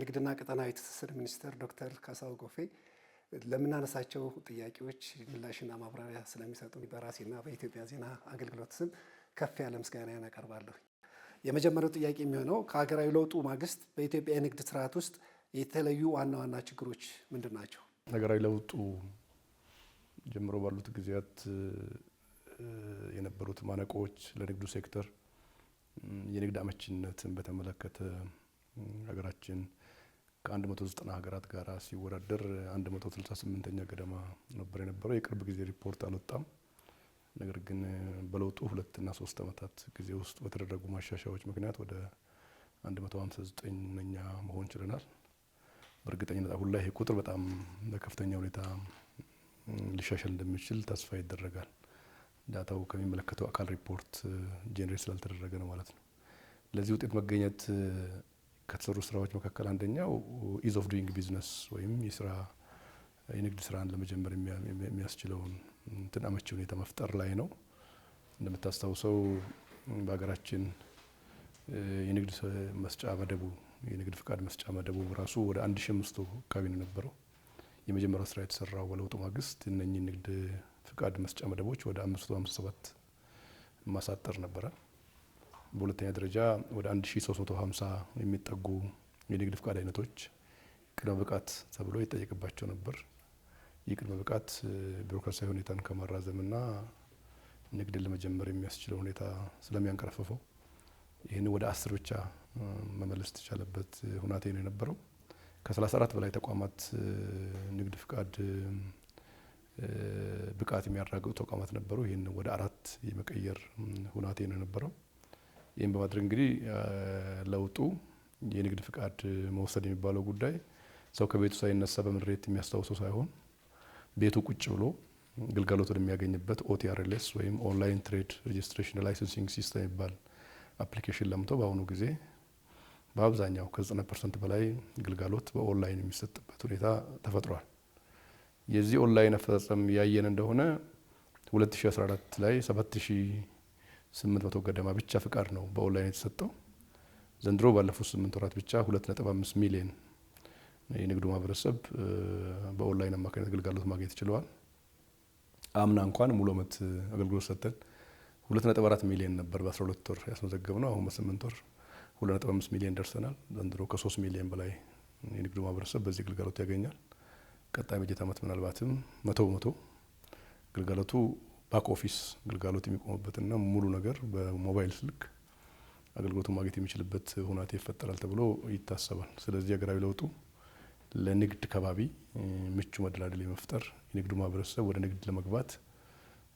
የንግድና ቀጠናዊ ትስስር ሚኒስትር ዶክተር ካሳው ጎፌ ለምናነሳቸው ጥያቄዎች ምላሽና ማብራሪያ ስለሚሰጡ በራሴና በኢትዮጵያ ዜና አገልግሎት ስም ከፍ ያለ ምስጋና ያቀርባለሁ። የመጀመሪያው ጥያቄ የሚሆነው ከሀገራዊ ለውጡ ማግስት በኢትዮጵያ የንግድ ስርዓት ውስጥ የተለዩ ዋና ዋና ችግሮች ምንድን ናቸው? ሀገራዊ ለውጡ ጀምሮ ባሉት ጊዜያት የነበሩት ማነቆዎች ለንግዱ ሴክተር የንግድ አመቺነትን በተመለከተ ሀገራችን ከ190 ሀገራት ጋር ሲወዳደር 168ኛ ገደማ ነበር የነበረው። የቅርብ ጊዜ ሪፖርት አልወጣም። ነገር ግን በለውጡ ሁለትና ሶስት ዓመታት ጊዜ ውስጥ በተደረጉ ማሻሻያዎች ምክንያት ወደ 159ኛ መሆን ችለናል። በእርግጠኝነት አሁን ላይ ይህ ቁጥር በጣም በከፍተኛ ሁኔታ ሊሻሻል እንደሚችል ተስፋ ይደረጋል። ዳታው ከሚመለከተው አካል ሪፖርት ጄኔሬት ስላልተደረገ ነው ማለት ነው። ለዚህ ውጤት መገኘት ከተሰሩ ስራዎች መካከል አንደኛው ኢዝ ኦፍ ዱይንግ ቢዝነስ ወይም የስራ የንግድ ስራን ለመጀመር የሚያስችለውን እንትን አመቺ ሁኔታ መፍጠር ላይ ነው። እንደምታስታውሰው በሀገራችን የንግድ መስጫ መደቡ የንግድ ፍቃድ መስጫ መደቡ ራሱ ወደ አንድ ሺ አምስት አካባቢ ነው የነበረው። የመጀመሪያው ስራ የተሰራው በለውጡ ማግስት እነኚህ ንግድ ፍቃድ መስጫ መደቦች ወደ አምስት ሰባት ማሳጠር ነበረ። በሁለተኛ ደረጃ ወደ 1350 የሚጠጉ የንግድ ፍቃድ አይነቶች ቅድመ ብቃት ተብሎ ይጠየቅባቸው ነበር። ይህ ቅድመ ብቃት ቢሮክራሲያዊ ሁኔታን ከማራዘምና ንግድን ለመጀመር የሚያስችለው ሁኔታ ስለሚያንቀረፍፈው ይህን ወደ አስር ብቻ መመለስ ተቻለበት ሁናቴ ነው የነበረው። ከ34 በላይ ተቋማት ንግድ ፍቃድ ብቃት የሚያራግጡ ተቋማት ነበሩ። ይህን ወደ አራት የመቀየር ሁናቴ ነው የነበረው። ይህም በማድረግ እንግዲህ ለውጡ የንግድ ፍቃድ መውሰድ የሚባለው ጉዳይ ሰው ከቤቱ ሳይነሳ በምሬት የሚያስታውሰው ሳይሆን ቤቱ ቁጭ ብሎ ግልጋሎት ወደሚያገኝበት ኦቲአርኤልኤስ ወይም ኦንላይን ትሬድ ሬጅስትሬሽን ላይሰንሲንግ ሲስተም የሚባል አፕሊኬሽን ለምቶ በአሁኑ ጊዜ በአብዛኛው ከ90 ፐርሰንት በላይ ግልጋሎት በኦንላይን የሚሰጥበት ሁኔታ ተፈጥሯል። የዚህ ኦንላይን አፈጻጸም ያየን እንደሆነ 2014 ላይ 7000 ስምንት መቶ ገደማ ብቻ ፍቃድ ነው በኦንላይን የተሰጠው። ዘንድሮ ባለፉት ስምንት ወራት ብቻ ሁለት ነጥብ አምስት ሚሊየን የንግዱ ማህበረሰብ በኦንላይን አማካኝነት ግልጋሎት ማግኘት ችለዋል። አምና እንኳን ሙሉ ዓመት አገልግሎት ሰጥተን ሁለት ነጥብ አራት ሚሊየን ነበር በአስራ ሁለት ወር ያስመዘገብ ነው። አሁን በስምንት ወር ሁለት ነጥብ አምስት ሚሊየን ደርሰናል። ዘንድሮ ከሶስት ሚሊየን በላይ የንግዱ ማህበረሰብ በዚህ ግልጋሎት ያገኛል። ቀጣይ በጀት አመት ምናልባትም መቶ በመቶ ግልጋሎቱ ባክ ኦፊስ ግልጋሎት የሚቆሙበትና ሙሉ ነገር በሞባይል ስልክ አገልግሎቱ ማግኘት የሚችልበት ሁናቴ ይፈጠራል ተብሎ ይታሰባል። ስለዚህ ሀገራዊ ለውጡ ለንግድ ከባቢ ምቹ መደላደል የመፍጠር የንግዱ ማህበረሰብ ወደ ንግድ ለመግባት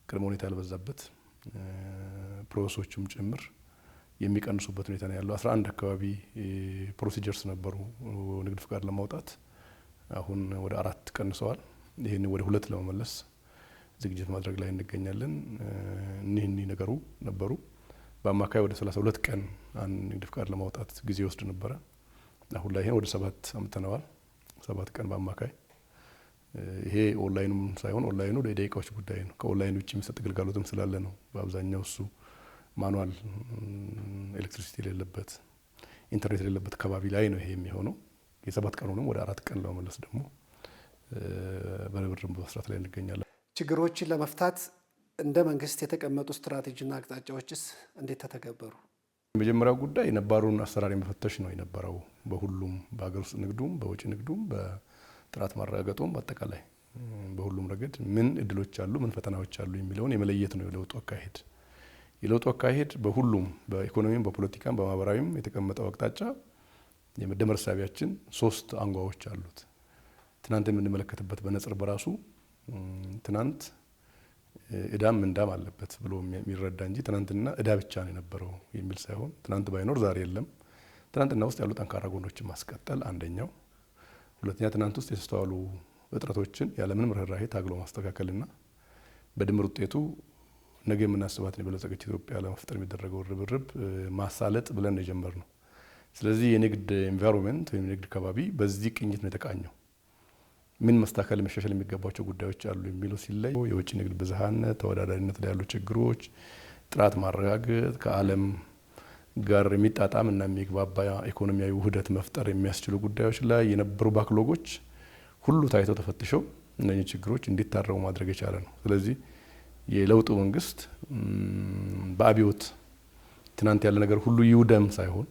ቅድመ ሁኔታ ያልበዛበት ፕሮሰሶችም ጭምር የሚቀንሱበት ሁኔታ ነው ያለው። አስራ አንድ አካባቢ ፕሮሲጀርስ ነበሩ ንግድ ፍቃድ ለማውጣት አሁን ወደ አራት ቀንሰዋል። ይህን ወደ ሁለት ለመመለስ ዝግጅት ማድረግ ላይ እንገኛለን። እኒህ እኒህ ነገሩ ነበሩ። በአማካይ ወደ ሁለት ቀን አንድ ንግድ ፍቃድ ለማውጣት ጊዜ ወስድ ነበረ። አሁን ላይ ይሄን ወደ ሰባት አምጥተነዋል። ሰባት ቀን በአማካይ ይሄ ኦንላይኑም ሳይሆን ኦንላይኑ የደቂቃዎች ጉዳይ ነው። ከኦንላይን ውጭ የሚሰጥ ግልጋሎትም ስላለ ነው። በአብዛኛው እሱ ማኑዋል ኤሌክትሪሲቲ የሌለበት ኢንተርኔት የሌለበት ከባቢ ላይ ነው ይሄ የሚሆነው። የሰባት ቀኑንም ወደ አራት ቀን ለመመለስ ደግሞ በርብርም በመስራት ላይ እንገኛለን። ችግሮችን ለመፍታት እንደ መንግስት የተቀመጡ ስትራቴጂና አቅጣጫዎችስ እንዴት ተተገበሩ? የመጀመሪያው ጉዳይ የነባሩን አሰራር የመፈተሽ ነው የነበረው በሁሉም በሀገር ውስጥ ንግዱም በውጭ ንግዱም በጥራት ማረጋገጡም በአጠቃላይ በሁሉም ረገድ ምን እድሎች አሉ፣ ምን ፈተናዎች አሉ የሚለውን የመለየት ነው የለውጡ አካሄድ። የለውጡ አካሄድ በሁሉም በኢኮኖሚም፣ በፖለቲካም፣ በማህበራዊም የተቀመጠው አቅጣጫ የመደመር ሳቢያችን ሶስት አንጓዎች አሉት። ትናንት የምንመለከትበት በነጽር በራሱ ትናንት እዳም ምንዳም አለበት ብሎ የሚረዳ እንጂ ትናንትና እዳ ብቻ ነው የነበረው የሚል ሳይሆን ትናንት ባይኖር ዛሬ የለም። ትናንትና ውስጥ ያሉ ጠንካራ ጎኖችን ማስቀጠል አንደኛው፣ ሁለተኛ ትናንት ውስጥ የተስተዋሉ እጥረቶችን ያለምንም ርኅራሄ ታግሎ ማስተካከልና በድምር ውጤቱ ነገ የምናስባትን የበለጸገች ኢትዮጵያ ለመፍጠር የሚደረገው ርብርብ ማሳለጥ ብለን የጀመር ነው። ስለዚህ የንግድ ኢንቫይሮንመንት ወይም የንግድ ከባቢ በዚህ ቅኝት ነው የተቃኘው። ምን መስተካከል መሻሻል የሚገባቸው ጉዳዮች አሉ የሚለው ሲለይ የውጭ ንግድ ብዝሃነት፣ ተወዳዳሪነት ላይ ያሉ ችግሮች፣ ጥራት ማረጋገጥ፣ ከዓለም ጋር የሚጣጣም እና የሚግባባ ኢኮኖሚያዊ ውህደት መፍጠር የሚያስችሉ ጉዳዮች ላይ የነበሩ ባክሎጎች ሁሉ ታይተው ተፈትሸው እነዚህ ችግሮች እንዲታረሙ ማድረግ የቻለ ነው። ስለዚህ የለውጡ መንግስት በአብዮት ትናንት ያለ ነገር ሁሉ ይውደም ሳይሆን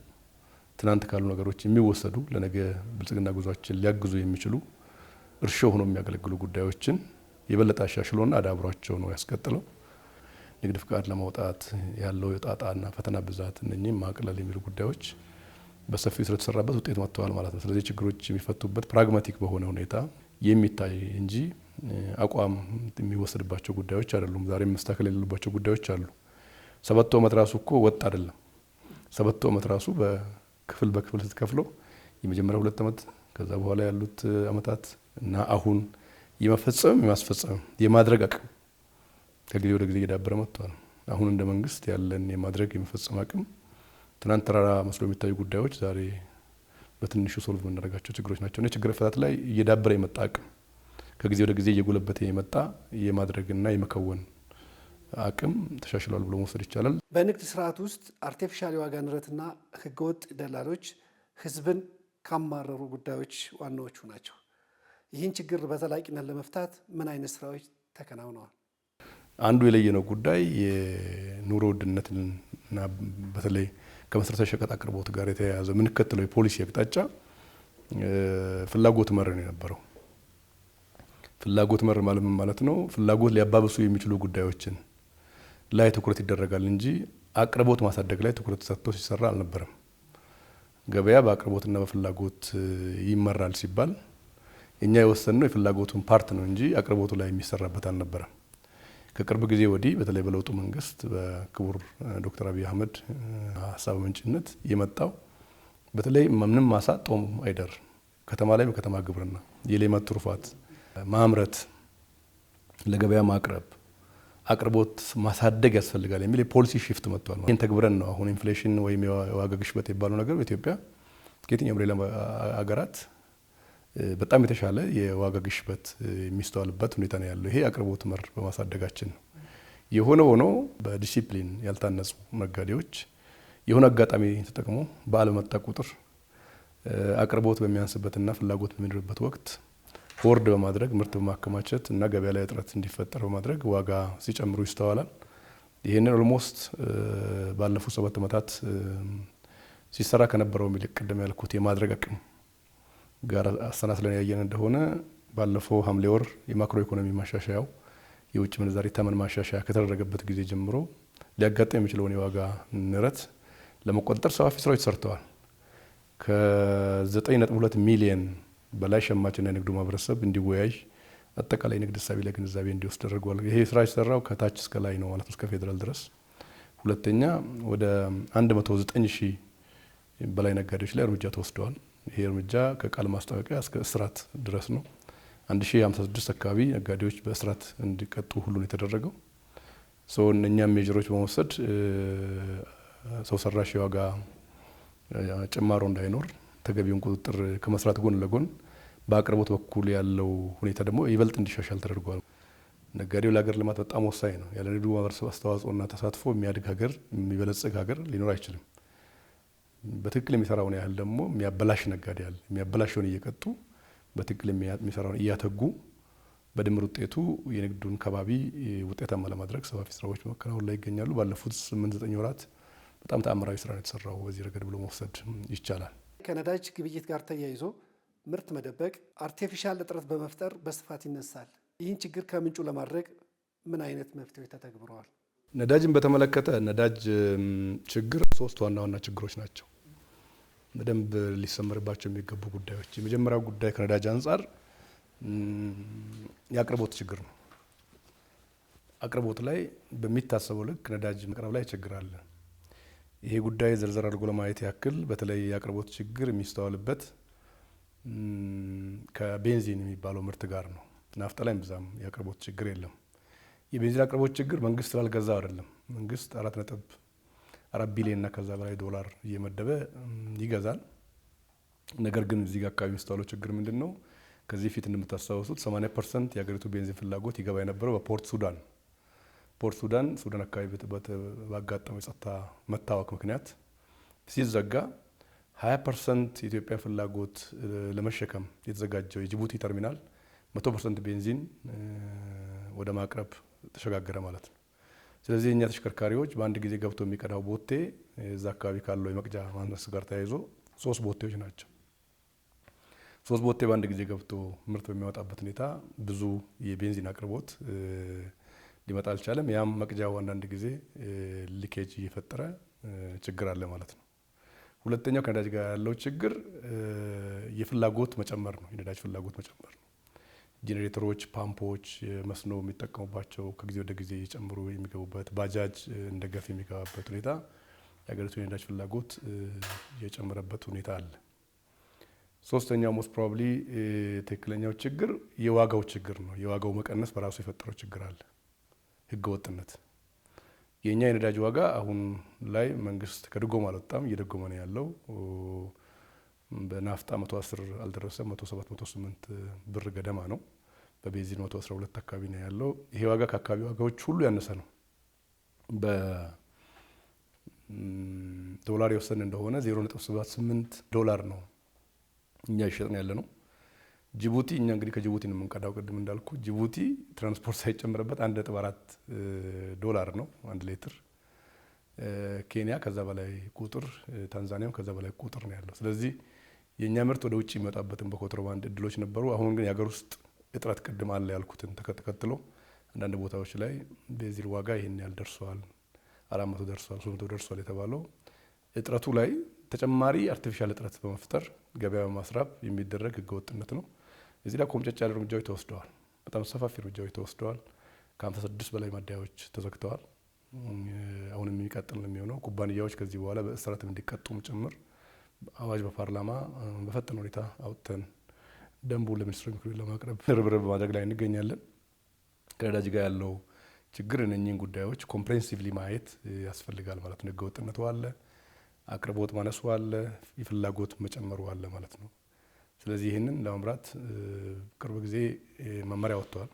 ትናንት ካሉ ነገሮች የሚወሰዱ ለነገ ብልጽግና ጉዟችን ሊያግዙ የሚችሉ እርሾ ሆኖ የሚያገለግሉ ጉዳዮችን የበለጠ አሻሽሎና አዳብሯቸው ነው ያስቀጥለው። ንግድ ፍቃድ ለማውጣት ያለው የጣጣና ፈተና ብዛት፣ እነኚህም ማቅለል የሚሉ ጉዳዮች በሰፊው ስለተሰራበት ውጤት መጥተዋል ማለት ነው። ስለዚህ ችግሮች የሚፈቱበት ፕራግማቲክ በሆነ ሁኔታ የሚታይ እንጂ አቋም የሚወሰድባቸው ጉዳዮች አይደሉም። ዛሬ መስተካከል የሌሉባቸው ጉዳዮች አሉ። ሰበቶ ዓመት ራሱ እኮ ወጥ አይደለም። ሰበቶ ዓመት ራሱ በክፍል በክፍል ስትከፍለው የመጀመሪያ ሁለት ዓመት ከዛ በኋላ ያሉት ዓመታት እና አሁን የመፈጸም የማስፈጸም የማድረግ አቅም ከጊዜ ወደ ጊዜ እየዳበረ መጥቷል። አሁን እንደ መንግስት ያለን የማድረግ የመፈጸም አቅም ትናንት ተራራ መስሎ የሚታዩ ጉዳዮች ዛሬ በትንሹ ሶልቭ የምናደርጋቸው ችግሮች ናቸው እና ችግር ፈታት ላይ እየዳበረ የመጣ አቅም ከጊዜ ወደ ጊዜ እየጎለበተ የመጣ የማድረግና የመከወን አቅም ተሻሽሏል ብሎ መውሰድ ይቻላል። በንግድ ስርዓት ውስጥ አርቲፊሻል የዋጋ ንረትና ህገወጥ ደላሎች ህዝብን ካማረሩ ጉዳዮች ዋናዎቹ ናቸው። ይህን ችግር በዘላቂነት ለመፍታት ምን አይነት ስራዎች ተከናውነዋል? አንዱ የለየነው ጉዳይ የኑሮ ውድነትና በተለይ ከመሰረታዊ ሸቀጥ አቅርቦት ጋር የተያያዘ የምንከተለው የፖሊሲ አቅጣጫ ፍላጎት መር ነው የነበረው። ፍላጎት መር ማለምን ማለት ነው? ፍላጎት ሊያባብሱ የሚችሉ ጉዳዮችን ላይ ትኩረት ይደረጋል እንጂ አቅርቦት ማሳደግ ላይ ትኩረት ሰጥቶ ሲሰራ አልነበረም። ገበያ በአቅርቦትና በፍላጎት ይመራል ሲባል እኛ የወሰንነው የፍላጎቱን ፓርት ነው እንጂ አቅርቦቱ ላይ የሚሰራበት አልነበረም። ከቅርብ ጊዜ ወዲህ በተለይ በለውጡ መንግስት በክቡር ዶክተር አብይ አህመድ ሀሳብ ምንጭነት የመጣው በተለይ ምንም ማሳ ጦም አይደር ከተማ ላይ በከተማ ግብርና፣ የሌማት ትሩፋት ማምረት፣ ለገበያ ማቅረብ፣ አቅርቦት ማሳደግ ያስፈልጋል የሚል የፖሊሲ ሽፍት መጥቷል። ይህን ተግብረን ነው አሁን ኢንፍሌሽን ወይም የዋጋ ግሽበት የሚባለው ነገር በኢትዮጵያ ከየትኛውም ሌላ ሀገራት በጣም የተሻለ የዋጋ ግሽበት የሚስተዋልበት ሁኔታ ነው ያለው። ይሄ አቅርቦት መር በማሳደጋችን ነው። የሆነ ሆኖ በዲሲፕሊን ያልታነጹ ነጋዴዎች የሆነ አጋጣሚ ተጠቅሞ በዓል በመጣ ቁጥር አቅርቦት በሚያንስበትና ፍላጎት በሚኖርበት ወቅት ወርድ በማድረግ ምርት በማከማቸት እና ገበያ ላይ እጥረት እንዲፈጠር በማድረግ ዋጋ ሲጨምሩ ይስተዋላል። ይህንን ኦልሞስት ባለፉት ሰባት ዓመታት ሲሰራ ከነበረው ይልቅ ቅድም ያልኩት የማድረግ አቅም ጋር አሰናስለን ያየን እንደሆነ ባለፈው ሐምሌ ወር የማክሮ ኢኮኖሚ ማሻሻያው የውጭ ምንዛሪ ተመን ማሻሻያ ከተደረገበት ጊዜ ጀምሮ ሊያጋጥም የሚችለውን የዋጋ ንረት ለመቆጣጠር ሰፋፊ ስራዎች ተሰርተዋል። ከ9.2 ሚሊየን በላይ ሸማችና የንግዱ ማህበረሰብ እንዲወያይ አጠቃላይ ንግድ እሳቤ ላይ ግንዛቤ እንዲወስድ ተደርጓል። ይሄ ስራ የተሰራው ከታች እስከ ላይ ነው ማለት እስከ ፌዴራል ድረስ። ሁለተኛ ወደ 109 ሺህ በላይ ነጋዴዎች ላይ እርምጃ ተወስደዋል። ይሄ እርምጃ ከቃል ማስጠንቀቂያ እስከ እስራት ድረስ ነው። 1056 አካባቢ ነጋዴዎች በእስራት እንዲቀጡ ሁሉን የተደረገው ሰው እነኛም ሜጀሮች በመውሰድ ሰው ሰራሽ የዋጋ ጭማሮ እንዳይኖር ተገቢውን ቁጥጥር ከመስራት ጎን ለጎን በአቅርቦት በኩል ያለው ሁኔታ ደግሞ ይበልጥ እንዲሻሻል ተደርጓል። ነጋዴው ለሀገር ልማት በጣም ወሳኝ ነው። ያለ ንግዱ ማህበረሰብ አስተዋጽኦና ተሳትፎ የሚያድግ ሀገር፣ የሚበለጽግ ሀገር ሊኖር አይችልም። በትክክል የሚሰራውን ያህል ደግሞ የሚያበላሽ ነጋዴ አለ። የሚያበላሸውን እየቀጡ በትክክል የሚሰራውን እያተጉ በድምር ውጤቱ የንግዱን ከባቢ ውጤታማ ለማድረግ ሰፋፊ ስራዎች በመከናወን ላይ ይገኛሉ። ባለፉት ስምንት ዘጠኝ ወራት በጣም ተአምራዊ ስራ ነው የተሰራው በዚህ ረገድ ብሎ መውሰድ ይቻላል። ከነዳጅ ግብይት ጋር ተያይዞ ምርት መደበቅ፣ አርቴፊሻል እጥረት በመፍጠር በስፋት ይነሳል። ይህን ችግር ከምንጩ ለማድረግ ምን አይነት መፍትሄዎች ተተግብረዋል? ነዳጅን በተመለከተ ነዳጅ ችግር ሶስት ዋና ዋና ችግሮች ናቸው። በደንብ ሊሰመርባቸው የሚገቡ ጉዳዮች፣ የመጀመሪያው ጉዳይ ከነዳጅ አንጻር የአቅርቦት ችግር ነው። አቅርቦት ላይ በሚታሰበው ልክ ነዳጅ መቅረብ ላይ ችግር አለ። ይሄ ጉዳይ ዘርዘር አድርጎ ለማየት ያክል በተለይ የአቅርቦት ችግር የሚስተዋልበት ከቤንዚን የሚባለው ምርት ጋር ነው። ናፍጣ ላይ ብዛም የአቅርቦት ችግር የለም። የቤንዚን አቅርቦት ችግር መንግስት ስላልገዛ አይደለም። መንግስት አራት ነጥብ አራት ቢሊዮንና ከዛ በላይ ዶላር እየመደበ ይገዛል። ነገር ግን እዚህ አካባቢ የሚስተዋለው ችግር ምንድን ነው? ከዚህ ፊት እንደምታስታውሱት 80 ፐርሰንት የሀገሪቱ ቤንዚን ፍላጎት ይገባ የነበረው በፖርት ሱዳን ፖርት ሱዳን ሱዳን አካባቢ ባጋጠመው የጸጥታ መታወክ ምክንያት ሲዘጋ 20 ፐርሰንት የኢትዮጵያ ፍላጎት ለመሸከም የተዘጋጀው የጅቡቲ ተርሚናል 100 ፐርሰንት ቤንዚን ወደ ማቅረብ ተሸጋገረ ማለት ነው። ስለዚህ እኛ ተሽከርካሪዎች በአንድ ጊዜ ገብቶ የሚቀዳው ቦቴ እዛ አካባቢ ካለው የመቅጃ ማነስ ጋር ተያይዞ ሶስት ቦቴዎች ናቸው። ሶስት ቦቴ በአንድ ጊዜ ገብቶ ምርት በሚያወጣበት ሁኔታ ብዙ የቤንዚን አቅርቦት ሊመጣ አልቻለም። ያም መቅጃው አንዳንድ ጊዜ ሊኬጅ እየፈጠረ ችግር አለ ማለት ነው። ሁለተኛው ከነዳጅ ጋር ያለው ችግር የፍላጎት መጨመር ነው። የነዳጅ ፍላጎት መጨመር ነው። ጄኔሬተሮች፣ ፓምፖች፣ መስኖ የሚጠቀሙባቸው ከጊዜ ወደ ጊዜ እየጨመሩ የሚገቡበት ባጃጅ እንደ ገፍ የሚገባበት ሁኔታ የሀገሪቱ የነዳጅ ፍላጎት የጨመረበት ሁኔታ አለ። ሶስተኛው ሞስት ፕሮባብሊ ትክክለኛው ችግር የዋጋው ችግር ነው። የዋጋው መቀነስ በራሱ የፈጠረው ችግር አለ። ህገ ወጥነት የእኛ የነዳጅ ዋጋ አሁን ላይ መንግስት ከድጎማ አልወጣም፣ እየደጎመ ነው ያለው። በናፍጣ መቶ አልደረሰ አልደረሰም፣ መቶ ብር ገደማ ነው። በቤንዚን መቶ 12 አካባቢ ነው ያለው። ይሄ ዋጋ ከአካባቢ ዋጋዎች ሁሉ ያነሰ ነው። በዶላር የወሰን እንደሆነ 0.78 ዶላር ነው እኛ ይሸጥን ያለ ነው። ጅቡቲ እኛ እንግዲህ ከጅቡቲ ነው የምንቀዳው። ቅድም እንዳልኩ ጅቡቲ ትራንስፖርት ሳይጨምርበት 1.4 ዶላር ነው አንድ ሌትር። ኬንያ ከዛ በላይ ቁጥር፣ ታንዛኒያም ከዛ በላይ ቁጥር ነው ያለው። ስለዚህ የእኛ ምርት ወደ ውጭ የሚወጣበትን በኮንትሮባንድ እድሎች ነበሩ። አሁን ግን የሀገር ውስጥ እጥረት ቅድም አለ ያልኩትን ተከትሎ አንዳንድ ቦታዎች ላይ ቤንዚን ዋጋ ይህን ያህል ደርሷል፣ አራት መቶ ደርሷል፣ ሶስት መቶ ደርሷል የተባለው እጥረቱ ላይ ተጨማሪ አርቲፊሻል እጥረት በመፍጠር ገበያ በማስራብ የሚደረግ ህገወጥነት ነው። እዚህ ላይ ኮምጨጭ ያለ እርምጃዎች ተወስደዋል። በጣም ሰፋፊ እርምጃዎች ተወስደዋል። ስድስት በላይ ማደያዎች ተዘግተዋል። አሁንም የሚቀጥል ነው የሚሆነው። ኩባንያዎች ከዚህ በኋላ በእስራትም እንዲቀጡም ጭምር አዋጅ በፓርላማ በፈጠነ ሁኔታ አውጥተን ደንቡ ለሚኒስትሮች ምክር ቤት ለማቅረብ ርብርብ ማድረግ ላይ እንገኛለን። ከነዳጅ ጋር ያለው ችግር እነኚህን ጉዳዮች ኮምፕሬንሲቭሊ ማየት ያስፈልጋል ማለት ነው። ህገወጥነቱ አለ፣ አቅርቦት ማነሱ አለ፣ የፍላጎት መጨመሩ አለ ማለት ነው። ስለዚህ ይህንን ለመምራት ቅርብ ጊዜ መመሪያ ወጥተዋል።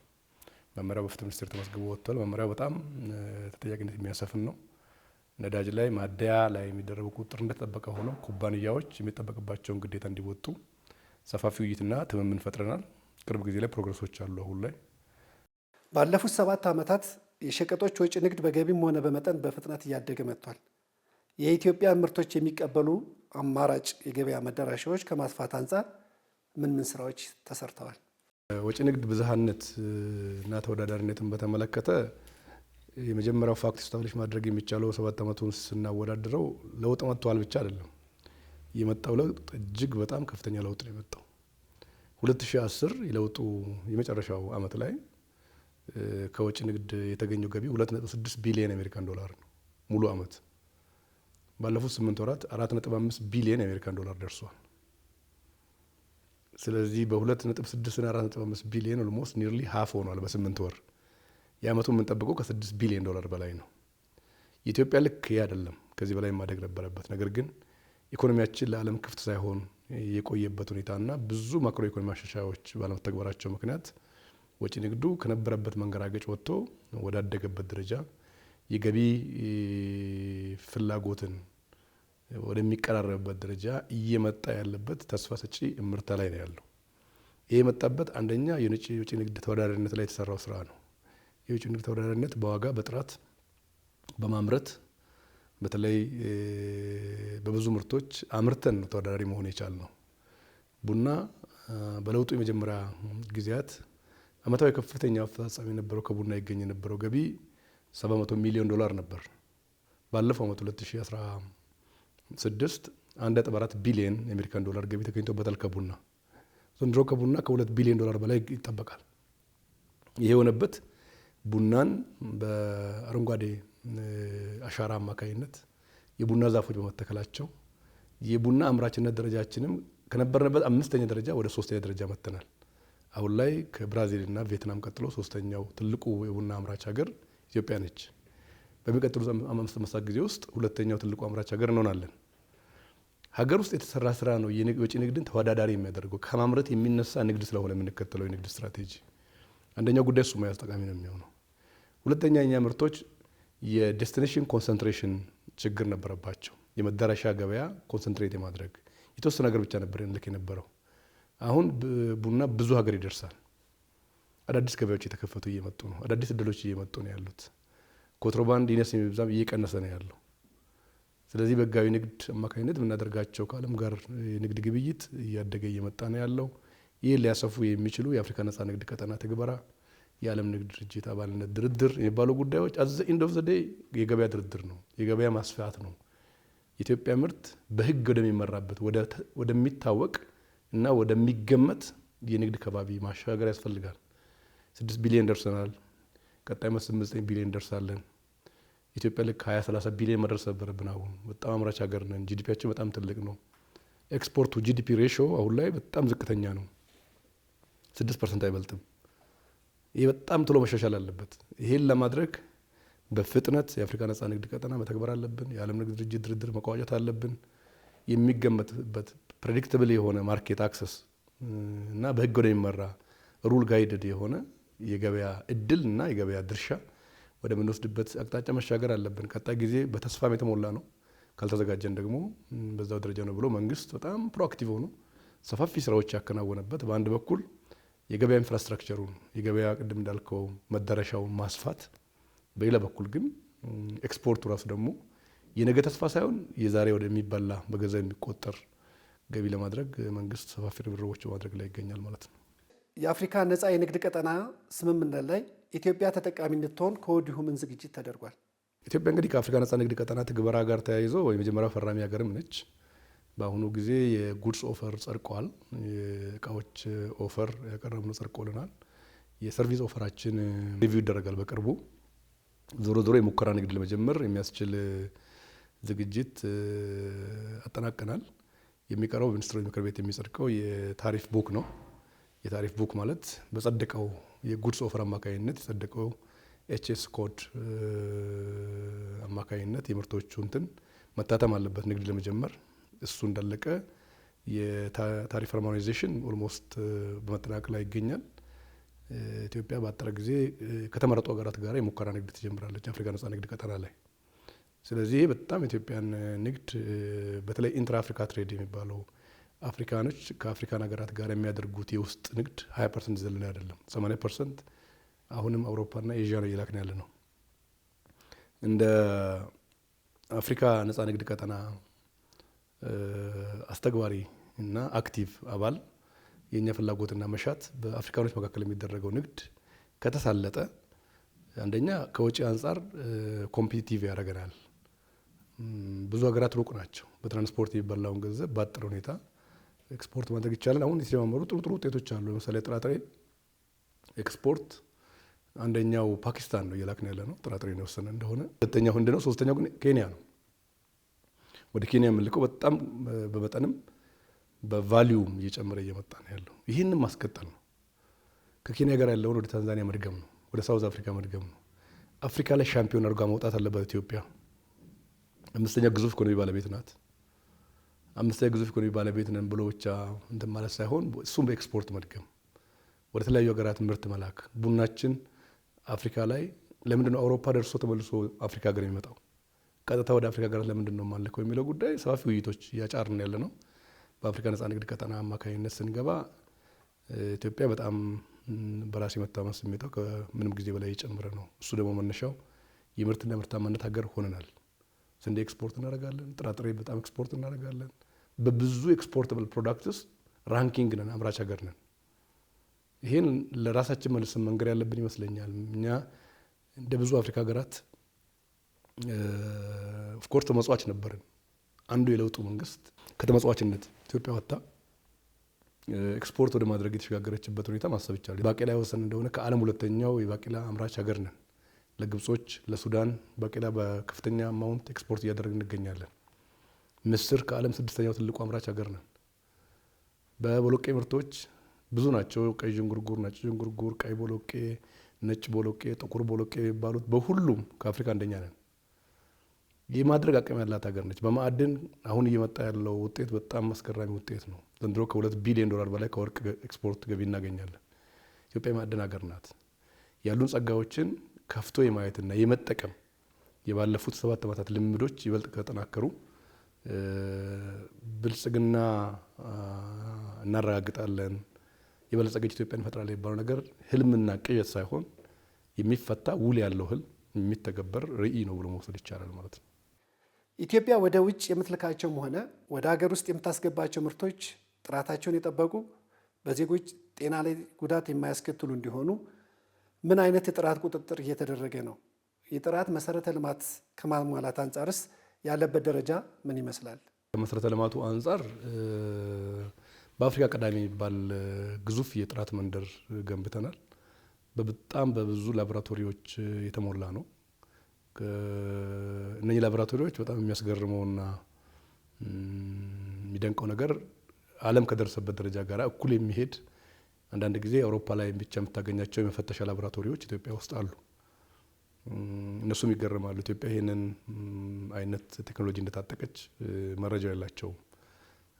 መመሪያው በፍትህ ሚኒስቴር ተመዝግቦ ወጥተዋል። መመሪያው በጣም ተጠያቂነት የሚያሰፍን ነው። ነዳጅ ላይ ማደያ ላይ የሚደረጉ ቁጥጥር እንደተጠበቀ ሆኖ ኩባንያዎች የሚጠበቅባቸውን ግዴታ እንዲወጡ ሰፋፊ ውይይትና ትምምን ፈጥረናል። ቅርብ ጊዜ ላይ ፕሮግረሶች አሉ። አሁን ላይ ባለፉት ሰባት ዓመታት የሸቀጦች ወጪ ንግድ በገቢም ሆነ በመጠን በፍጥነት እያደገ መጥቷል። የኢትዮጵያ ምርቶች የሚቀበሉ አማራጭ የገበያ መዳረሻዎች ከማስፋት አንጻር ምን ምን ስራዎች ተሰርተዋል? ወጪ ንግድ ብዝሃነት እና ተወዳዳሪነትን በተመለከተ የመጀመሪያው ፋክት ስታብሊሽ ማድረግ የሚቻለው ሰባት ዓመቱን ስናወዳድረው ለውጥ መጥተዋል ብቻ አይደለም የመጣው ለውጥ እጅግ በጣም ከፍተኛ ለውጥ ነው የመጣው። 2010 የለውጡ የመጨረሻው አመት ላይ ከወጪ ንግድ የተገኘው ገቢ 2.6 ቢሊዮን አሜሪካን ዶላር ነው ሙሉ አመት። ባለፉት 8 ወራት 4.5 ቢሊዮን አሜሪካን ዶላር ደርሷል። ስለዚህ በ2.6 እና 4.5 ቢሊዮን ኦልሞስት ኒርሊ ሀፍ ሆኗል በ8 ወር። የአመቱ የምንጠብቀው ከ6 ቢሊዮን ዶላር በላይ ነው። ኢትዮጵያ ልክ ይህ አይደለም፣ ከዚህ በላይ ማደግ ነበረበት። ነገር ግን ኢኮኖሚያችን ለዓለም ክፍት ሳይሆን የቆየበት ሁኔታና ብዙ ማክሮ ኢኮኖሚ ማሻሻያዎች ባለመተግበራቸው ምክንያት ወጪ ንግዱ ከነበረበት መንገራገጭ ወጥቶ ወዳደገበት ደረጃ የገቢ ፍላጎትን ወደሚቀራረብበት ደረጃ እየመጣ ያለበት ተስፋ ሰጪ እምርታ ላይ ነው ያለው። ይህ የመጣበት አንደኛ የውጭ ንግድ ተወዳዳሪነት ላይ የተሰራው ስራ ነው። የውጭ ንግድ ተወዳዳሪነት በዋጋ፣ በጥራት፣ በማምረት በተለይ በብዙ ምርቶች አምርተን ነው ተወዳዳሪ መሆን የቻል ነው። ቡና በለውጡ የመጀመሪያ ጊዜያት አመታዊ ከፍተኛ አፈጻጸም የነበረው ከቡና ይገኝ የነበረው ገቢ 700 ሚሊዮን ዶላር ነበር። ባለፈው አመት 2016 1.4 ቢሊዮን የአሜሪካን ዶላር ገቢ ተገኝቶበታል ከቡና ዘንድሮ ከቡና ከ2 ቢሊዮን ዶላር በላይ ይጠበቃል። ይሄ የሆነበት ቡናን በአረንጓዴ አሻራ አማካኝነት የቡና ዛፎች በመተከላቸው የቡና አምራችነት ደረጃችንም ከነበርንበት አምስተኛ ደረጃ ወደ ሶስተኛ ደረጃ መጥተናል። አሁን ላይ ከብራዚልና ቪየትናም ቀጥሎ ሶስተኛው ትልቁ የቡና አምራች ሀገር ኢትዮጵያ ነች። በሚቀጥሉት አምስት መሳት ጊዜ ውስጥ ሁለተኛው ትልቁ አምራች ሀገር እንሆናለን። ሀገር ውስጥ የተሰራ ስራ ነው የወጪ ንግድን ተወዳዳሪ የሚያደርገው ከማምረት የሚነሳ ንግድ ስለሆነ የምንከተለው የንግድ ስትራቴጂ አንደኛው ጉዳይ እሱ ማያስጠቃሚ ነው የሚሆነው። ሁለተኛ እኛ ምርቶች የዴስቲኔሽን ኮንሰንትሬሽን ችግር ነበረባቸው። የመዳረሻ ገበያ ኮንሰንትሬት የማድረግ የተወሰነ ሀገር ብቻ ነበር ልክ የነበረው። አሁን ቡና ብዙ ሀገር ይደርሳል። አዳዲስ ገበያዎች የተከፈቱ እየመጡ ነው። አዳዲስ እድሎች እየመጡ ነው ያሉት። ኮንትሮባንድ ይነስ የሚብዛም እየቀነሰ ነው ያለው። ስለዚህ በህጋዊ ንግድ አማካኝነት የምናደርጋቸው ከዓለም ጋር የንግድ ግብይት እያደገ እየመጣ ነው ያለው። ይህ ሊያሰፉ የሚችሉ የአፍሪካ ነጻ ንግድ ቀጠና ትግበራ የዓለም ንግድ ድርጅት አባልነት ድርድር የሚባሉ ጉዳዮች አዘ ኢንድ ኦፍ ዘ ዴይ የገበያ ድርድር ነው፣ የገበያ ማስፋት ነው። የኢትዮጵያ ምርት በህግ ወደሚመራበት ወደሚታወቅ እና ወደሚገመት የንግድ ከባቢ ማሸጋገር ያስፈልጋል። ስድስት ቢሊዮን ደርሰናል። ቀጣይ መስ ዘጠኝ ቢሊዮን ደርሳለን። ኢትዮጵያ ልክ ሀያ ሰላሳ ቢሊዮን መድረስ ነበረብን። አሁን በጣም አምራች ሀገር ነን። ጂዲፒያችን በጣም ትልቅ ነው። ኤክስፖርቱ ጂዲፒ ሬሽዮ አሁን ላይ በጣም ዝቅተኛ ነው። ስድስት ፐርሰንት አይበልጥም። ይህ በጣም ቶሎ መሻሻል አለበት። ይህን ለማድረግ በፍጥነት የአፍሪካ ነጻ ንግድ ቀጠና መተግበር አለብን። የዓለም ንግድ ድርጅት ድርድር መቋጨት አለብን። የሚገመትበት ፕሬዲክትብል የሆነ ማርኬት አክሰስ እና በህግ ወደሚመራ ሩል ጋይድድ የሆነ የገበያ እድል እና የገበያ ድርሻ ወደምንወስድበት አቅጣጫ መሻገር አለብን። ቀጣይ ጊዜ በተስፋም የተሞላ ነው። ካልተዘጋጀን ደግሞ በዛው ደረጃ ነው ብሎ መንግስት በጣም ፕሮአክቲቭ ሆኖ ሰፋፊ ስራዎች ያከናወነበት በአንድ በኩል የገበያ ኢንፍራስትራክቸሩን የገበያ ቅድም እንዳልከው መዳረሻውን ማስፋት፣ በሌላ በኩል ግን ኤክስፖርቱ ራሱ ደግሞ የነገ ተስፋ ሳይሆን የዛሬ ወደሚበላ በገንዘብ የሚቆጠር ገቢ ለማድረግ መንግስት ሰፋፊ ርብርቦች ማድረግ ላይ ይገኛል ማለት ነው። የአፍሪካ ነጻ የንግድ ቀጠና ስምምነት ላይ ኢትዮጵያ ተጠቃሚ እንድትሆን ከወዲሁ ምን ዝግጅት ተደርጓል? ኢትዮጵያ እንግዲህ ከአፍሪካ ነጻ ንግድ ቀጠና ትግበራ ጋር ተያይዞ የመጀመሪያው ፈራሚ ሀገርም ነች። በአሁኑ ጊዜ የጉድስ ኦፈር ጸድቋል። የእቃዎች ኦፈር ያቀረብነው ጸድቆልናል። የሰርቪስ ኦፈራችን ሪቪው ይደረጋል በቅርቡ። ዞሮ ዞሮ የሙከራ ንግድ ለመጀመር የሚያስችል ዝግጅት አጠናቀናል። የሚቀረው ሚኒስትሮች ምክር ቤት የሚጸድቀው የታሪፍ ቡክ ነው። የታሪፍ ቡክ ማለት በጸደቀው የጉድስ ኦፈር አማካኝነት የጸደቀው ኤችኤስ ኮድ አማካኝነት የምርቶቹ እንትን መታተም አለበት ንግድ ለመጀመር እሱ እንዳለቀ የታሪፍ ኖርማላይዜሽን ኦልሞስት በመጠናቀቅ ላይ ይገኛል። ኢትዮጵያ በአጠረ ጊዜ ከተመረጡ ሀገራት ጋር የሙከራ ንግድ ትጀምራለች አፍሪካ ነጻ ንግድ ቀጠና ላይ። ስለዚህ በጣም ኢትዮጵያን ንግድ በተለይ ኢንትራ አፍሪካ ትሬድ የሚባለው አፍሪካኖች ከአፍሪካን ሀገራት ጋር የሚያደርጉት የውስጥ ንግድ ሀያ ፐርሰንት ዘለለ አይደለም፣ ሰማንያ ፐርሰንት አሁንም አውሮፓና ኤዥያ ነው እየላክን ያለ ነው። እንደ አፍሪካ ነጻ ንግድ ቀጠና አስተግባሪ እና አክቲቭ አባል የእኛ ፍላጎትና መሻት በአፍሪካኖች መካከል የሚደረገው ንግድ ከተሳለጠ አንደኛ ከውጭ አንጻር ኮምፒቲቲቭ ያደርገናል። ብዙ ሀገራት ሩቅ ናቸው። በትራንስፖርት የሚበላውን ገንዘብ በአጥር ሁኔታ ኤክስፖርት ማድረግ ይቻላል። አሁን የተጀማመሩ ጥሩ ጥሩ ውጤቶች አሉ። ለምሳሌ ጥራጥሬ ኤክስፖርት አንደኛው ፓኪስታን ነው እየላክን ያለ ነው። ጥራጥሬ ነው የወሰነ እንደሆነ ሁለተኛው ህንድ ነው። ሶስተኛው ግን ኬንያ ነው። ወደ ኬንያ የምንልከው በጣም በመጠንም በቫሊዩም እየጨመረ እየመጣ ነው ያለው። ይህንም ማስቀጠል ነው። ከኬንያ ጋር ያለውን ወደ ታንዛኒያ መድገም ነው። ወደ ሳውዝ አፍሪካ መድገም ነው። አፍሪካ ላይ ሻምፒዮን አድርጓ መውጣት አለበት ኢትዮጵያ። አምስተኛ ግዙፍ ኢኮኖሚ ባለቤት ናት። አምስተኛ ግዙፍ ኢኮኖሚ ባለቤት ነን ብሎ ብቻ እንትን ማለት ሳይሆን እሱም በኤክስፖርት መድገም፣ ወደ ተለያዩ ሀገራት ምርት መላክ ቡናችን አፍሪካ ላይ ለምንድነው አውሮፓ ደርሶ ተመልሶ አፍሪካ ሀገር የሚመጣው? ቀጥታ ወደ አፍሪካ ሀገራት ለምንድን ነው የማልከው የሚለው ጉዳይ ሰፋፊ ውይይቶች እያጫርን ያለ ነው። በአፍሪካ ነጻ ንግድ ቀጠና አማካኝነት ስንገባ ኢትዮጵያ በጣም በራስ የመታመን ስሜቷ ከምንም ጊዜ በላይ የጨመረ ነው። እሱ ደግሞ መነሻው የምርትና ምርታማነት ሀገር ሆነናል። ስንዴ ኤክስፖርት እናደርጋለን፣ ጥራጥሬ በጣም ኤክስፖርት እናደርጋለን። በብዙ ኤክስፖርታብል ፕሮዳክትስ ራንኪንግ ነን፣ አምራች ሀገር ነን። ይህን ለራሳችን መልስ መንገድ ያለብን ይመስለኛል። እኛ እንደ ብዙ አፍሪካ ሀገራት ኦፍኮርስ ተመጽዋች ነበርን። አንዱ የለውጡ መንግስት ከተመጽዋችነት ኢትዮጵያ ወጥታ ኤክስፖርት ወደ ማድረግ የተሸጋገረችበት ሁኔታ ማሰብ ይቻላል። የባቄላ የወሰን እንደሆነ ከዓለም ሁለተኛው የባቄላ አምራች ሀገር ነን። ለግብጾች፣ ለሱዳን ባቄላ በከፍተኛ ማውንት ኤክስፖርት እያደረግን እንገኛለን። ምስር ከዓለም ስድስተኛው ትልቁ አምራች ሀገር ነን። በቦሎቄ ምርቶች ብዙ ናቸው። ቀይ ዥንጉርጉር፣ ነጭ ዥንጉርጉር፣ ቀይ ቦሎቄ፣ ነጭ ቦሎቄ፣ ጥቁር ቦሎቄ የሚባሉት በሁሉም ከአፍሪካ አንደኛ ነን። የማድረግ አቅም ያላት ሀገር ነች። በማዕድን አሁን እየመጣ ያለው ውጤት በጣም አስገራሚ ውጤት ነው። ዘንድሮ ከሁለት ቢሊዮን ዶላር በላይ ከወርቅ ኤክስፖርት ገቢ እናገኛለን። ኢትዮጵያ የማዕድን ሀገር ናት። ያሉን ጸጋዎችን ከፍቶ የማየትና የመጠቀም የባለፉት ሰባት ዓመታት ልምዶች ይበልጥ ከተጠናከሩ ብልጽግና እናረጋግጣለን፣ የበለጸገች ኢትዮጵያ እንፈጥራለን የሚባለው ነገር ህልምና ቅዠት ሳይሆን የሚፈታ ውል ያለው ህልም የሚተገበር ርእይ ነው ብሎ መውሰድ ይቻላል ማለት ነው። ኢትዮጵያ ወደ ውጭ የምትልካቸውም ሆነ ወደ ሀገር ውስጥ የምታስገባቸው ምርቶች ጥራታቸውን የጠበቁ በዜጎች ጤና ላይ ጉዳት የማያስከትሉ እንዲሆኑ ምን አይነት የጥራት ቁጥጥር እየተደረገ ነው? የጥራት መሰረተ ልማት ከማሟላት አንጻርስ ያለበት ደረጃ ምን ይመስላል? ከመሰረተ ልማቱ አንጻር በአፍሪካ ቀዳሚ የሚባል ግዙፍ የጥራት መንደር ገንብተናል። በጣም በብዙ ላቦራቶሪዎች የተሞላ ነው። እነኚህ ላቦራቶሪዎች በጣም የሚያስገርመውና የሚደንቀው ነገር ዓለም ከደረሰበት ደረጃ ጋር እኩል የሚሄድ አንዳንድ ጊዜ አውሮፓ ላይ ብቻ የምታገኛቸው የመፈተሻ ላቦራቶሪዎች ኢትዮጵያ ውስጥ አሉ። እነሱም ይገርማሉ። ኢትዮጵያ ይህንን አይነት ቴክኖሎጂ እንደታጠቀች መረጃ የላቸውም።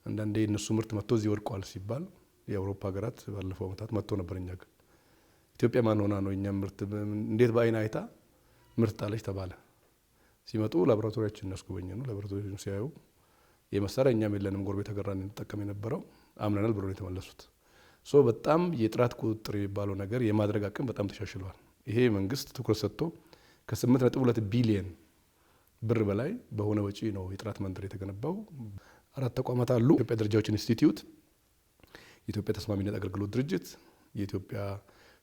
አንዳንዴ እነሱ ምርት መጥቶ እዚህ ወድቋል ሲባል የአውሮፓ ሀገራት ባለፈው ዓመታት መጥቶ ነበር። እኛ ግን ኢትዮጵያ ማን ሆና ነው እኛም ምርት እንዴት በአይን አይታ ምርት ጣለች ተባለ። ሲመጡ ላቦራቶሪያችን እናስጎበኘ ነው። ላቦራቶሪያችን ሲያዩ የመሳሪያ እኛም የለንም ጎረቤት ተገራን እንጠቀም የነበረው አምነናል ብሎ ነው የተመለሱት። ሶ በጣም የጥራት ቁጥጥር የሚባለው ነገር የማድረግ አቅም በጣም ተሻሽሏል። ይሄ መንግስት ትኩረት ሰጥቶ ከ ነጥብ ቢሊየን ብር በላይ በሆነ ወጪ ነው የጥራት መንደር የተገነባው። አራት ተቋማት አሉ። ኢትዮጵያ ደረጃዎች ኢንስቲትዩት፣ የኢትዮጵያ ተስማሚነት አገልግሎት ድርጅት፣ የኢትዮጵያ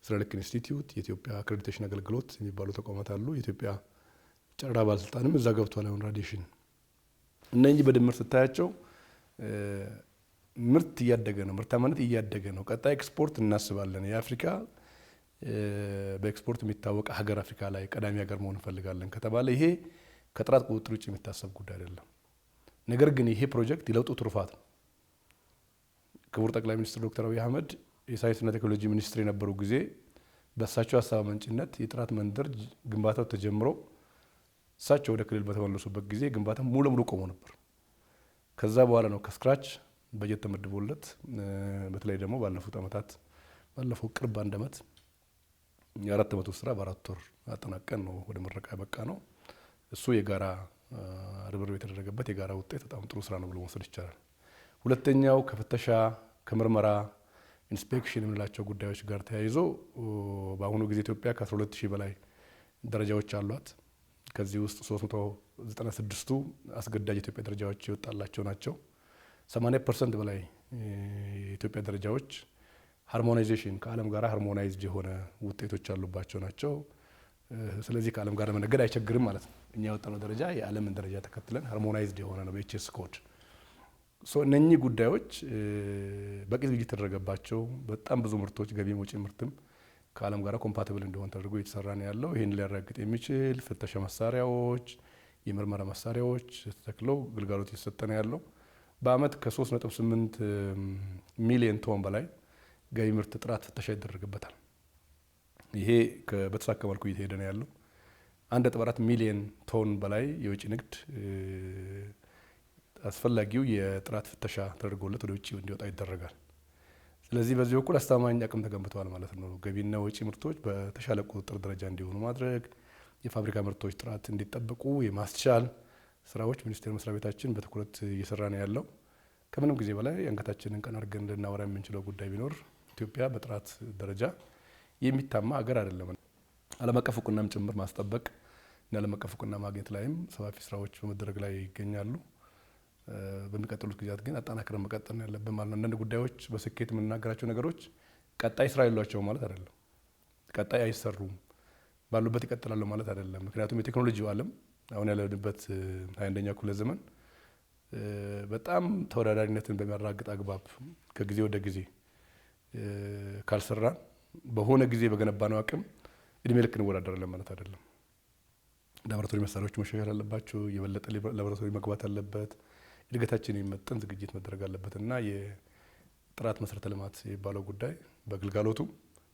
ስነ ኢንስቲትዩት፣ የኢትዮጵያ አክሬዲቴሽን አገልግሎት የሚባሉ ተቋማት አሉ። የኢትዮጵያ ጨረራ ባለስልጣንም እዛ ገብቷል። አሁን ራዲሽን እነኚህ በድምር ስታያቸው ምርት እያደገ ነው። ምርታማነት እያደገ ነው። ቀጣይ ኤክስፖርት እናስባለን። የአፍሪካ በኤክስፖርት የሚታወቅ ሀገር አፍሪካ ላይ ቀዳሚ ሀገር መሆን እንፈልጋለን ከተባለ ይሄ ከጥራት ቁጥጥር ውጭ የሚታሰብ ጉዳይ አይደለም። ነገር ግን ይሄ ፕሮጀክት የለውጡ ትሩፋት ነው። ክቡር ጠቅላይ ሚኒስትር ዶክተር አብይ አህመድ የሳይንስና ቴክኖሎጂ ሚኒስትር የነበሩ ጊዜ በእሳቸው ሀሳብ አመንጭነት የጥራት መንደር ግንባታው ተጀምሮ እሳቸው ወደ ክልል በተመለሱበት ጊዜ ግንባታ ሙሉ ለሙሉ ቆሞ ነበር። ከዛ በኋላ ነው ከስክራች በጀት ተመድቦለት በተለይ ደግሞ ባለፉት አመታት ባለፈው ቅርብ አንድ አመት የአራት አመቱ ስራ በአራት ወር አጠናቀን ነው ወደ ምረቃ ያበቃ ነው። እሱ የጋራ ርብርብ የተደረገበት የጋራ ውጤት በጣም ጥሩ ስራ ነው ብሎ መውሰድ ይቻላል። ሁለተኛው ከፍተሻ ከምርመራ ኢንስፔክሽን የምንላቸው ጉዳዮች ጋር ተያይዞ በአሁኑ ጊዜ ኢትዮጵያ ከ12 ሺህ በላይ ደረጃዎች አሏት። ከዚህ ውስጥ 396ቱ አስገዳጅ የኢትዮጵያ ደረጃዎች የወጣላቸው ናቸው። 80 ፐርሰንት በላይ የኢትዮጵያ ደረጃዎች ሃርሞናይዜሽን ከዓለም ጋር ሃርሞናይዝድ የሆነ ውጤቶች ያሉባቸው ናቸው። ስለዚህ ከዓለም ጋር መነገድ አይቸግርም ማለት ነው። እኛ የወጣነው ደረጃ የዓለምን ደረጃ ተከትለን ሃርሞናይዝድ የሆነ ነው በኤችኤስ ኮድ እነኚህ ጉዳዮች በቂ ዝግጅት የተደረገባቸው በጣም ብዙ ምርቶች ገቢ ወጪ ምርትም ከዓለም ጋር ኮምፓቲብል እንደሆን ተደርጎ እየተሰራ ነው ያለው። ይህን ሊያረጋግጥ የሚችል ፍተሻ መሳሪያዎች፣ የምርመራ መሳሪያዎች ተተክለው ግልጋሎት እየተሰጠ ነው ያለው። በአመት ከ3.8 ሚሊዮን ቶን በላይ ገቢ ምርት ጥራት ፍተሻ ይደረግበታል። ይሄ በተሳካ መልኩ እየተሄደ ነው ያለው። 1.4 ሚሊዮን ቶን በላይ የውጭ ንግድ አስፈላጊው የጥራት ፍተሻ ተደርጎለት ወደ ውጭ እንዲወጣ ይደረጋል። ስለዚህ በዚህ በኩል አስተማማኝ አቅም ተገንብተዋል ማለት ነው። ገቢና ወጪ ምርቶች በተሻለ ቁጥጥር ደረጃ እንዲሆኑ ማድረግ፣ የፋብሪካ ምርቶች ጥራት እንዲጠበቁ የማስቻል ስራዎች ሚኒስቴር መስሪያ ቤታችን በትኩረት እየሰራ ነው ያለው። ከምንም ጊዜ በላይ አንገታችንን ቀን አድርገን ልናወራ የምንችለው ጉዳይ ቢኖር ኢትዮጵያ በጥራት ደረጃ የሚታማ ሀገር አይደለም። ዓለም አቀፍ እውቅናም ጭምር ማስጠበቅ እና ዓለም አቀፍ እውቅና ማግኘት ላይም ሰፋፊ ስራዎች በመደረግ ላይ ይገኛሉ። በሚቀጥሉት ጊዜያት ግን አጠናክረን መቀጠል ነው ያለብን ማለት ነው። አንዳንድ ጉዳዮች በስኬት የምንናገራቸው ነገሮች ቀጣይ ስራ የሏቸው ማለት አይደለም። ቀጣይ አይሰሩም ባሉበት ይቀጥላሉ ማለት አይደለም። ምክንያቱም የቴክኖሎጂው ዓለም አሁን ያለንበት ሀያ አንደኛ ክፍለ ዘመን በጣም ተወዳዳሪነትን በሚያራግጥ አግባብ ከጊዜ ወደ ጊዜ ካልሰራን በሆነ ጊዜ በገነባነው አቅም እድሜ ልክ እንወዳደራለን ማለት አይደለም። ላቦራቶሪ መሳሪያዎች መሻሻል አለባቸው። የበለጠ ላቦራቶሪ መግባት አለበት። እድገታችን የሚመጥን ዝግጅት መደረግ አለበት እና የጥራት መሰረተ ልማት የሚባለው ጉዳይ በግልጋሎቱ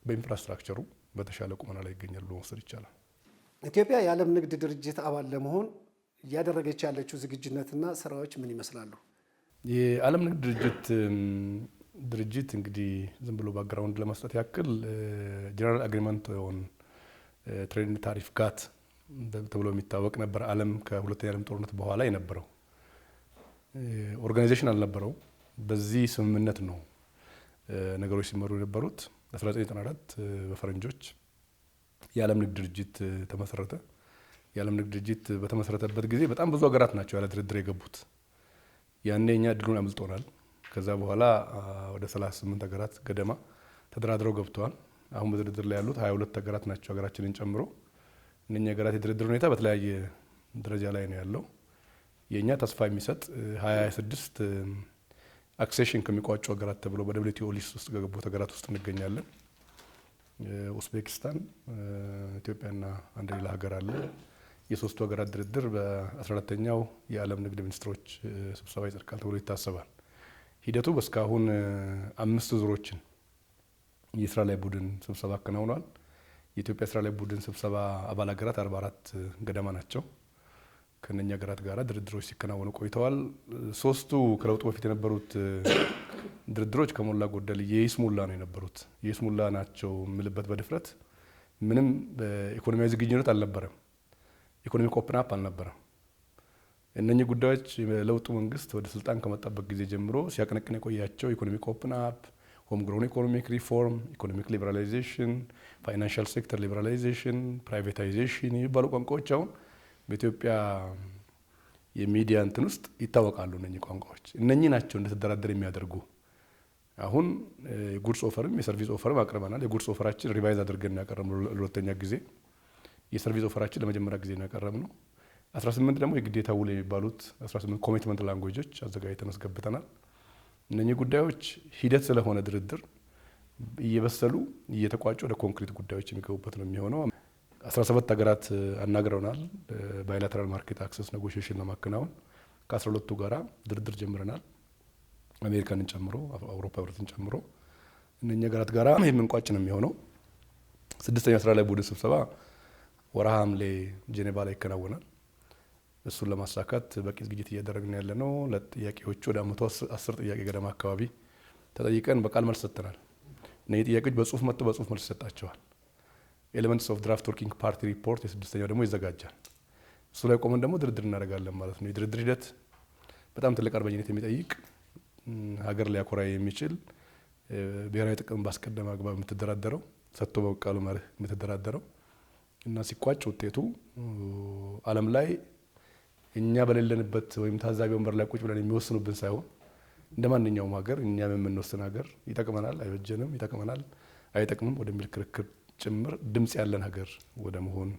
በኢንፍራስትራክቸሩ በተሻለ ቁመና ላይ ይገኛል ብሎ መውሰድ ይቻላል። ኢትዮጵያ የዓለም ንግድ ድርጅት አባል ለመሆን እያደረገች ያለችው ዝግጅነትና ስራዎች ምን ይመስላሉ? የዓለም ንግድ ድርጅት ድርጅት እንግዲህ ዝም ብሎ ባክግራውንድ ለመስጠት ያክል ጀነራል አግሪመንት ኦን ትሬድ ታሪፍ ጋት ተብሎ የሚታወቅ ነበር። ዓለም ከሁለተኛ ዓለም ጦርነት በኋላ የነበረው ኦርጋናይዜሽን አልነበረው። በዚህ ስምምነት ነው ነገሮች ሲመሩ የነበሩት። 1994 በፈረንጆች የዓለም ንግድ ድርጅት ተመሰረተ። የዓለም ንግድ ድርጅት በተመሰረተበት ጊዜ በጣም ብዙ ሀገራት ናቸው ያለ ድርድር የገቡት። ያኔ እኛ እድሉን አምልጦናል። ከዛ በኋላ ወደ 38 ሀገራት ገደማ ተደራድረው ገብተዋል። አሁን በድርድር ላይ ያሉት 22 ሀገራት ናቸው ሀገራችንን ጨምሮ። እነኛ ሀገራት የድርድር ሁኔታ በተለያየ ደረጃ ላይ ነው ያለው። የእኛ ተስፋ የሚሰጥ 26 አክሴሽን ከሚቋጩ ሀገራት ተብሎ በደብሊውቲኦ ሊስት ውስጥ ከገቡት ሀገራት ውስጥ እንገኛለን። ኡዝቤኪስታን፣ ኢትዮጵያና አንድ ሌላ ሀገር አለ። የሶስቱ ሀገራት ድርድር በ14ተኛው የዓለም ንግድ ሚኒስትሮች ስብሰባ ይጸድቃል ተብሎ ይታሰባል። ሂደቱ እስካሁን አምስት ዙሮችን የስራ ላይ ቡድን ስብሰባ አከናውኗል። የኢትዮጵያ ስራ ላይ ቡድን ስብሰባ አባል ሀገራት 44 ገደማ ናቸው። ከነኛ ሀገራት ጋር ድርድሮች ሲከናወኑ ቆይተዋል። ሶስቱ ከለውጡ በፊት የነበሩት ድርድሮች ከሞላ ጎደል የይስሙላ ነው የነበሩት። የይስሙላ ናቸው የምልበት በድፍረት ምንም በኢኮኖሚያዊ ዝግጁነት አልነበረም። ኢኮኖሚ ኮፕናፕ አልነበረም። እነኚህ ጉዳዮች ለውጡ መንግስት ወደ ስልጣን ከመጣበት ጊዜ ጀምሮ ሲያቀነቅን የቆያቸው ኢኮኖሚ ኮፕናፕ፣ ሆም ግሮን ኢኮኖሚክ ሪፎርም፣ ኢኮኖሚክ ሊበራላይዜሽን፣ ፋይናንሻል ሴክተር ሊበራላይዜሽን፣ ፕራይቬታይዜሽን የሚባሉ ቋንቋዎች አሁን በኢትዮጵያ የሚዲያ እንትን ውስጥ ይታወቃሉ። እነኚህ ቋንቋዎች እነኚህ ናቸው እንደተደራደር የሚያደርጉ አሁን የጉድስ ኦፈርም የሰርቪስ ኦፈርም አቅርበናል። የጉድስ ኦፈራችን ሪቫይዝ አድርገን ያቀረብነው ለሁለተኛ ጊዜ፣ የሰርቪስ ኦፈራችን ለመጀመሪያ ጊዜ ነው። 18 ደግሞ የግዴታ ውል የሚባሉት 18 ኮሚትመንት ላንጉጆች አዘጋጅተን አስገብተናል። እነኚህ ጉዳዮች ሂደት ስለሆነ ድርድር እየበሰሉ እየተቋጩ ወደ ኮንክሪት ጉዳዮች የሚገቡበት ነው የሚሆነው። 17 ሀገራት አናግረውናል። ባይላተራል ማርኬት አክሰስ ኔጎሽሽን ለማከናወን ከ12ቱ ጋራ ድርድር ጀምረናል። አሜሪካንን ጨምሮ አውሮፓ ህብረትን ጨምሮ እነኛ ሀገራት ጋራ ምንቋጭ ነው የሚሆነው። ስድስተኛ ስራ ላይ ቡድን ስብሰባ ወርሃ ሐምሌ ጄኔቫ ላይ ይከናወናል። እሱን ለማሳካት በቂ ዝግጅት እያደረግን ያለ ነው። ለጥያቄዎቹ ወደ መቶ አስር ጥያቄ ገደማ አካባቢ ተጠይቀን በቃል መልስ ሰጥተናል። እነዚህ ጥያቄዎች በጽሁፍ መጥቶ በጽሁፍ መልስ ይሰጣቸዋል። ኤሌመንትስ ኦፍ ድራፍት ወርኪንግ ፓርቲ ሪፖርት የስድስተኛው ደግሞ ይዘጋጃል። እሱ ላይ ቆመን ደግሞ ድርድር እናደርጋለን ማለት ነው። የድርድር ሂደት በጣም ትልቅ አርበኝነት የሚጠይቅ ሀገር ሊያኮራ የሚችል ብሔራዊ ጥቅም ባስቀደመ አግባብ የምትደራደረው ሰጥቶ በቃሉ መርህ የምትደራደረው እና ሲቋጭ ውጤቱ ዓለም ላይ እኛ በሌለንበት ወይም ታዛቢ ወንበር ላይ ቁጭ ብለን የሚወስኑብን ሳይሆን እንደ ማንኛውም ሀገር እኛም የምንወስን ሀገር ይጠቅመናል፣ አይበጀንም፣ ይጠቅመናል፣ አይጠቅምም ወደሚል ክርክር ጭምር ድምጽ ያለን ሀገር ወደ መሆን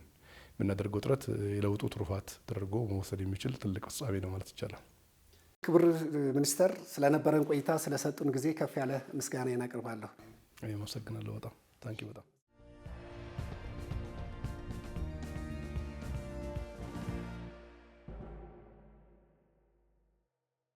የምናደርገው ጥረት የለውጡ ትሩፋት ተደርጎ መወሰድ የሚችል ትልቅ ፍጻሜ ነው ማለት ይቻላል። ክቡር ሚኒስተር ስለነበረን ቆይታ ስለሰጡን ጊዜ ከፍ ያለ ምስጋና እናቀርባለሁ። አመሰግናለሁ። በጣም ታንኪ በጣም